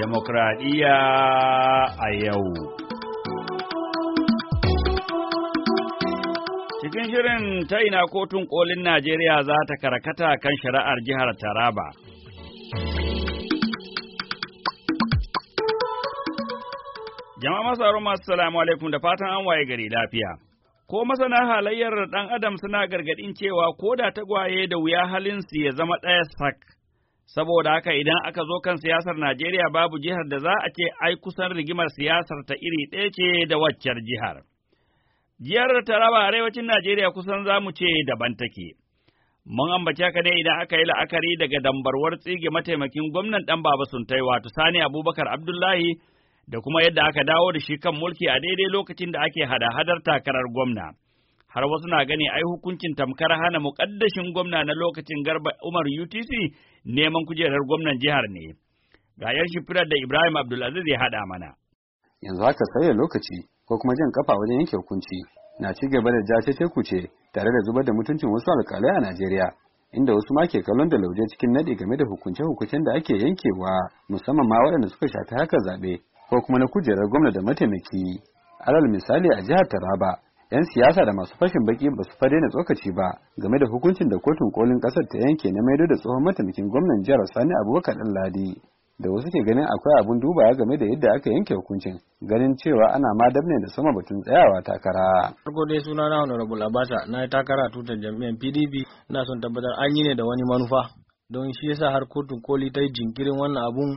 demokradiyya a yau. Cikin shirin ta ina kotun kolin Najeriya za ta karkata kan shari'ar jihar Taraba. Jama'a masu masu salamu alaikum da fatan an waye gari lafiya. Ko masana halayyar ɗan Adam suna gargaɗin cewa ko da tagwaye da wuya halinsu ya zama ɗaya sak. saboda haka idan aka zo kan siyasar Najeriya babu jihar da za a ce ai kusan rigimar siyasar ta iri ɗaya ce da waccar jihar. Jihar da Taraba arewacin Najeriya kusan za mu ce daban take. Mun ambace haka ne idan aka yi la'akari daga dambarwar tsige mataimakin gwamnan ɗan baba suntai wato Sani Abubakar Abdullahi da kuma yadda aka dawo da shi kan mulki a daidai lokacin da ake hada-hadar takarar gwamna. har wasu na gani ai hukuncin tamkar hana muƙaddashin gwamna na lokacin garba Umar UTC neman kujerar gwamnan jihar ne. Ga yan shifirar da Ibrahim Abdulaziz ya haɗa mana. Yanzu haka sauya lokaci ko kuma jan kafa wajen yanke hukunci na ci gaba da jace kuce tare da zubar da mutuncin wasu alƙalai a Najeriya. Inda wasu ma ke kallon da lauje cikin nadi game da hukunce-hukuncen da ake yankewa musamman ma waɗanda suka shafi haka zaɓe ko kuma na kujerar gwamna da mataimaki. Alal misali a jihar Taraba 'yan siyasa da masu fashin baki ba su na tsokaci ba game da hukuncin da kotun kolin kasar ta yanke na maido da tsohon mataimakin gwamnan jihar sani abubakar ladi da wasu ke ganin akwai abun dubawa game da yadda aka yanke hukuncin ganin cewa ana ma dabne da sama batun tsayawa takara. Farko dai suna na Honorable abasa na takara tutar jam'iyyar PDP na son tabbatar an yi ne da wani manufa don shi yasa har kotun koli ta yi jinkirin wannan abun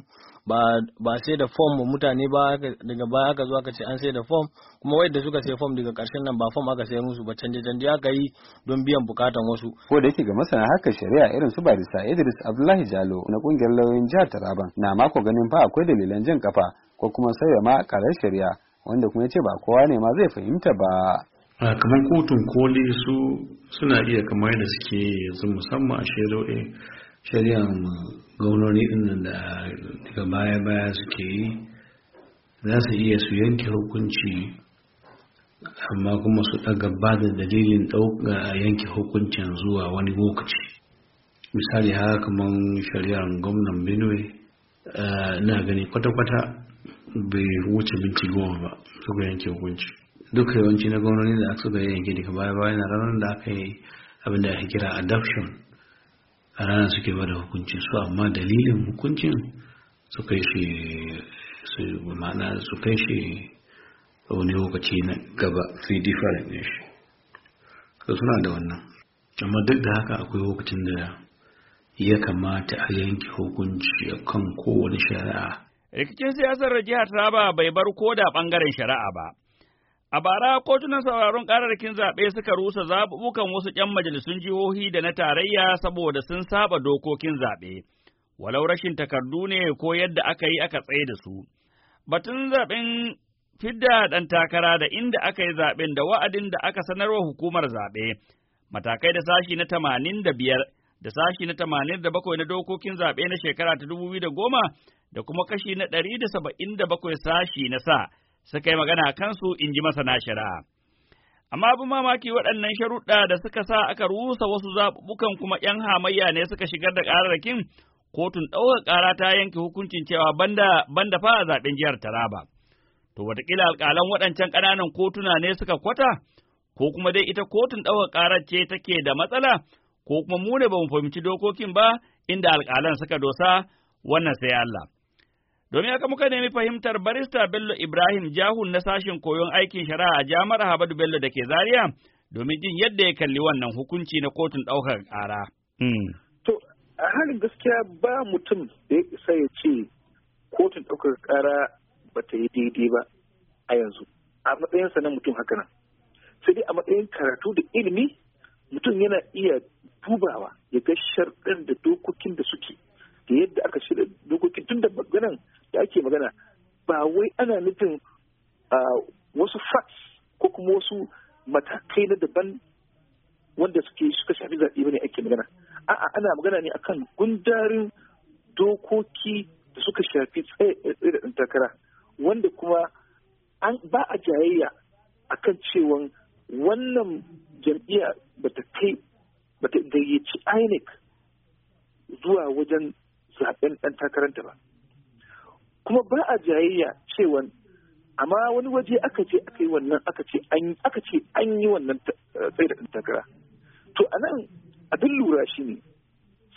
ba sai da fom ba mutane ba daga baya aka zo aka ce an sai da fom kuma wadda suka sai fom daga karshen nan ba fom aka sai musu ba canje canje aka yi don biyan bukatan wasu ko da yake ga masana haka shari'a irin su barista Idris Abdullahi Jalo na kungiyar lauyoyin jihar Taraban na mako ganin fa akwai dalilan jin kafa ko kuma sauya ma karar shari'a wanda kuma ce ba kowa ne ma zai fahimta ba kamar kotun koli su suna iya kamar da suke yanzu musamman a shaidoe shari'ar um, gwamnoni ɗin da daga baya-baya suke yi za su iya su yanke hukunci amma kuma su ɗaga ba da dalilin ɗauka yanke hukuncin zuwa wani lokaci misali haka kamar shari'ar gwamnan benue eh, na gani kwata-kwata bai wuce minti goma ba suka yanke hukunci duka yawanci na gwamnoni da suka yanke daga baya-baya na ranar da aka yi abin da ake kira adoption a ranar suke bada hukunci su amma dalilin hukuncin su kai shi su ma'ana su kai shi wani lokaci na gaba sai different ne shi to suna da wannan amma duk da haka akwai lokacin da ya kamata a yanke hukunci kan kowane shari'a rikicin siyasar jihar Taraba bai bar ko da bangaren shari'a ba A bara kotunan sauraron kararrakin zaɓe suka rusa zaɓuɓɓukan wasu ‘yan majalisun jihohi da na tarayya saboda sun saba dokokin zaɓe, walau rashin takardu ne ko yadda aka yi aka tsaye da su. Batun zaɓen fidda ɗan takara da inda aka yi zaɓen da wa'adin da aka sanarwa hukumar zaɓe, matakai da sashi na tamanin da biyar da sashi na tamanin da bakwai na dokokin zaɓe na shekara ta dubu biyu da goma da kuma kashi na ɗari da saba'in da bakwai sashi na sa. suka yi magana a kansu in ji masana shari'a. Amma abin mamaki waɗannan sharuɗa da suka sa aka rusa wasu zaɓuɓɓukan kuma ‘yan hamayya ne suka shigar da ƙararrakin, kotun ɗaukar ƙara ta yanke hukuncin cewa banda, banda fa a zaɓen jihar Taraba. To wataƙila alƙalan waɗancan ƙananan kotuna ne suka kwata, ko kuma dai ita kotun ɗaukar ƙarar ce take da matsala, ko kuma mu ne ba mu fahimci dokokin ba inda alƙalan suka dosa wannan sai Allah. Domin haka muka nemi fahimtar barista Bello Ibrahim Jahun na sashen koyon aikin shari'a a jami'ar Habadu Bello da ke Zaria domin jin yadda ya kalli wannan hukunci na kotun ɗaukar ƙara. Hmm. To, a halin gaskiya ba mutum da ya isa ya ce kotun ɗaukar ƙara ba ta yi daidai ba a yanzu. A matsayinsa na mutum haka nan. Sai dai a matsayin karatu da ilimi mutum yana iya dubawa ya ga sharɗan da dokokin da suke da yadda aka shirya dokokin tun da maganan ake magana ba wai ana nufin wasu facts ko kuma wasu matakai na daban wanda suke suka shafi zaɓe bane ake magana a'a ana magana ne akan gundarin dokoki da suka shafi tsaye da ɗan takara wanda kuma ba a jayayya akan cewan wannan jam'iyya bata kai bata gayyaci INEC zuwa wajen zaben ɗan takaranta ba kuma ba a jayayya cewa amma wani waje aka ce aka yi wannan aka ce an yi wannan eh, tsaye da takara to a nan abin lura shi ne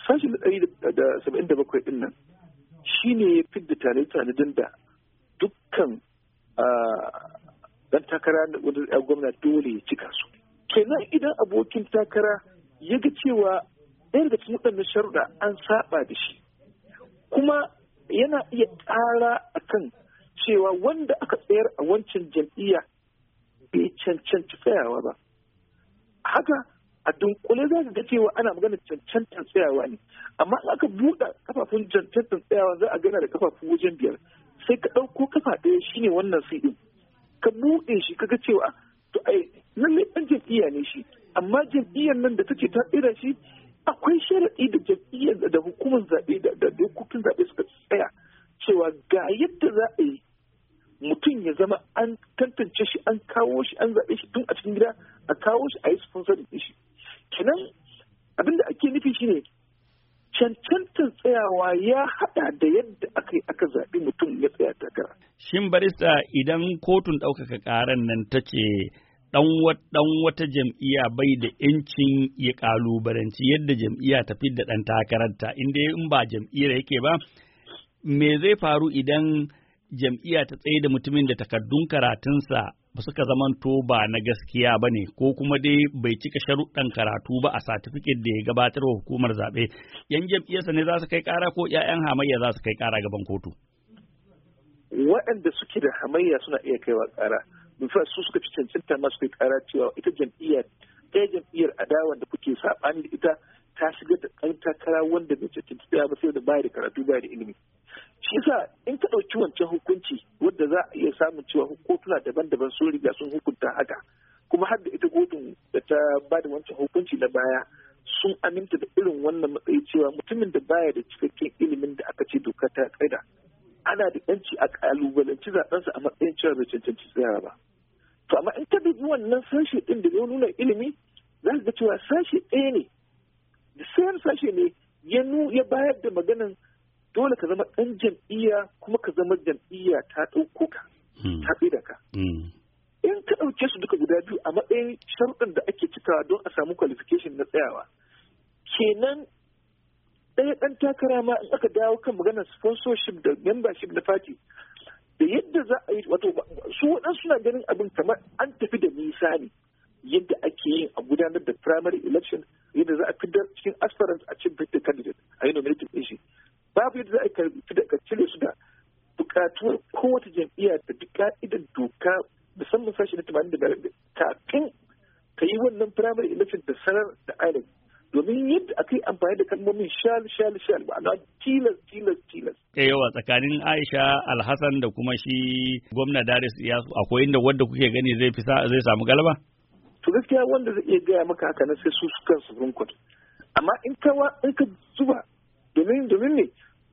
sashi da da saba'in da bakwai ɗin nan shi ne ya fidda tare tanadin da dukkan dan ah, takara da ya eh, gwamna dole ya cika su kenan idan abokin takara ya ga cewa ɗaya daga cikin waɗannan sharuɗa an saba da shi kuma yana iya a kan cewa wanda aka tsayar a wancan jam'iyya bai cancanci tsayawa ba haka a dunkule za ka ga cewa ana magana cancantar tsayawa ne amma in aka buɗe kafafun cancantar tsayawa za a gana da kafafun wajen biyar sai ka ɗauko kafa ɗaya shine wannan sai ka buɗe shi ka ga cewa to ai ne ɗan jam'iyya ne shi amma jam'iyyar nan da take ta tsira shi akwai sharaɗi da jam'iyyar da hukumar zaɓe da dokokin zaɓe suka tsaya cewa ga yadda za a yi mutum ya zama an tantance shi an kawo shi an zaɓe shi tun a cikin gida a kawo shi a yi sponsor da shi kenan abin da ake nufi shine cancantar tsayawa ya haɗa da yadda aka aka zaɓi mutum ya tsaya takara. Shin barista idan kotun ɗaukaka ƙaran nan ta ce ɗan wata jam'iyya bai da ‘yancin ya ƙalubalanci yadda jam'iyya ta fi da ɗan takararta, inda in ba jam'iyyar yake ba, me zai faru idan jam'iyya ta tsaye da mutumin da takardun karatunsa ba suka to ba na gaskiya ba ne, ko kuma dai bai cika sharuɗan karatu ba a satifiket da ya gabatar wa hukumar zaɓe, ‘yan jam'iyyarsa ne za su kai ƙara ko ‘ya'yan hamayya za su kai ƙara gaban kotu. Waɗanda suke da hamayya suna iya kaiwa ƙara. fa su suka fi cancanta masu kai kara cewa ita jam'iyyar ɗaya jam'iyyar adawa da kuke saɓani da ita ta shiga da ɗan takara wanda bai cancanta tsaya ba sai da baya da karatu bayar da ilimi shi yasa in ka ɗauki wancan hukunci wadda za a iya samun cewa kotuna daban-daban sun riga sun hukunta haka kuma har da ita kotun da ta ba da wancan hukunci na baya sun aminta da irin wannan matsayi cewa mutumin da baya da cikakken ilimin da aka ce doka ta kaida. ana da yanci a kalubalanci zaɓensa a matsayin cewa da cancanci tsaya ba to amma in ta dubi wannan sashe ɗin da ya nuna ilimi za ka ga cewa sashe ɗaya ne da sayan sashe ne ya ya bayar da maganan dole ka zama ɗan jam'iyya kuma ka zama jam'iyya ta ɗauko ka hmm. ta da ka hmm. in ka ɗauke su duka guda biyu a matsayin sharuɗin da ake cikawa don a samu qualification na tsayawa kenan ɗaya ɗan takara ma in aka dawo kan maganar sponsorship da membership na fati da yadda za a yi wato su waɗansu suna ganin abin kamar an tafi da nisa ne yadda ake yin a gudanar da primary election yadda za a fitar cikin aspirant a cikin fitar candidate a yi nominating ɗin shi babu yadda za a ka cire su da bukatuwar kowace jam'iyya da duk ka'idar doka musamman sashi na 85 kafin ka yi wannan primary election da sanar da island. domin yadda aka yi amfani da kalmomin shal shal shal ma'ana tilas tilas tilas yawa tsakanin Aisha Alhassan da kuma shi gwamna Daris Iyasu akwai inda wanda kuke gani zai fi zai samu galaba to gaskiya wanda zai iya gaya maka haka na sai su su kansu rinkut amma in ka in ka zuba domin domin ne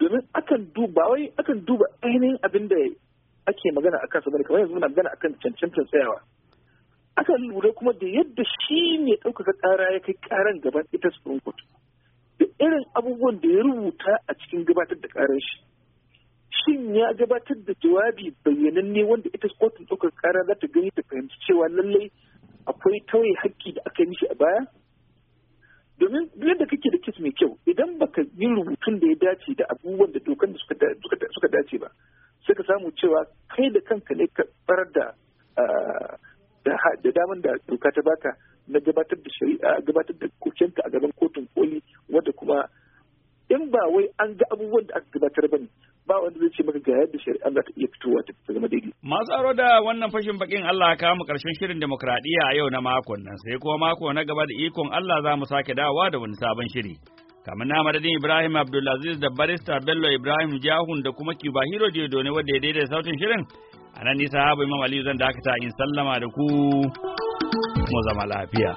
domin akan duba wai akan duba ainihin abin da ake magana akan kan bane kamar yanzu muna magana akan cancantar tsayawa aka lura kuma da yadda shi ne ɗaukaka ƙara ya kai ƙaran gaban ita Supreme Court. Da irin abubuwan da ya rubuta a cikin gabatar da ƙaran shi. Shin ya gabatar da jawabi bayyananne wanda ita kotun ɗaukaka ƙara za ta gani ta fahimci cewa lallai akwai tauye haƙƙi da aka yi shi a baya? Domin yadda kake da kis mai kyau idan baka yi rubutun da ya dace da abubuwan da dokan da suka dace ba, sai ka samu cewa kai da kanka ne ka farar da ah, da damar da doka ta baka na gabatar da shari'a gabatar da a gaban kotun koli wadda kuma in ba wai an ga abubuwan da aka gabatar ba ne ba wanda zai ce maka ga yadda shari'a za ta iya fitowa ta zama daidai. Masu aro da wannan fashin bakin Allah ka kama karshen shirin demokradiyya a yau na makon nan sai kuma mako na gaba da ikon Allah za mu sake dawowa da wani sabon shiri. kamar na madadin Ibrahim Abdulaziz da barista Bello Ibrahim Jahun da kuma Kiba Hiro ne wadda ya daidai sautin shirin a nan nisa imam aliyu zan dakata in sallama da ku mu zama lafiya